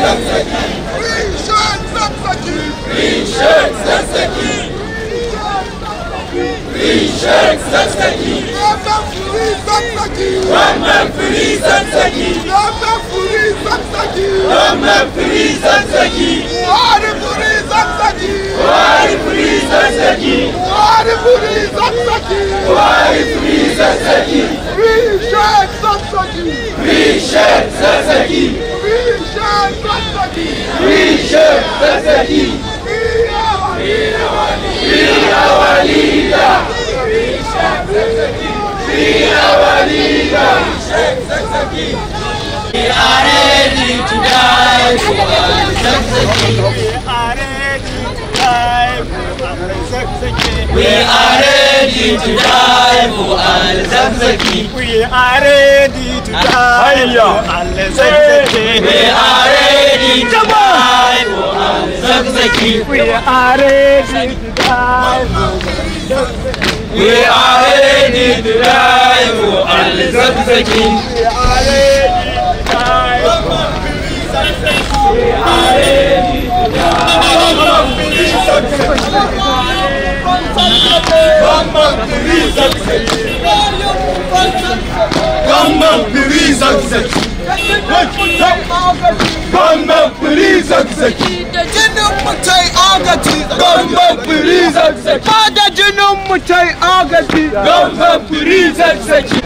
Richard Sasaki! we are ready to die for Al-Zakzaki. We are ready to die for Al-Zakzaki. We are ready to die for Al-Zakzaki. We are ready to die. Zaki. We are ready to die We are ready to die for Al Zaki. We are ready to die for We are ready to die. Come on, please, Zaki. Zamfiri zan saki. Ba da jinin mu tai agaji. Zan zan saki.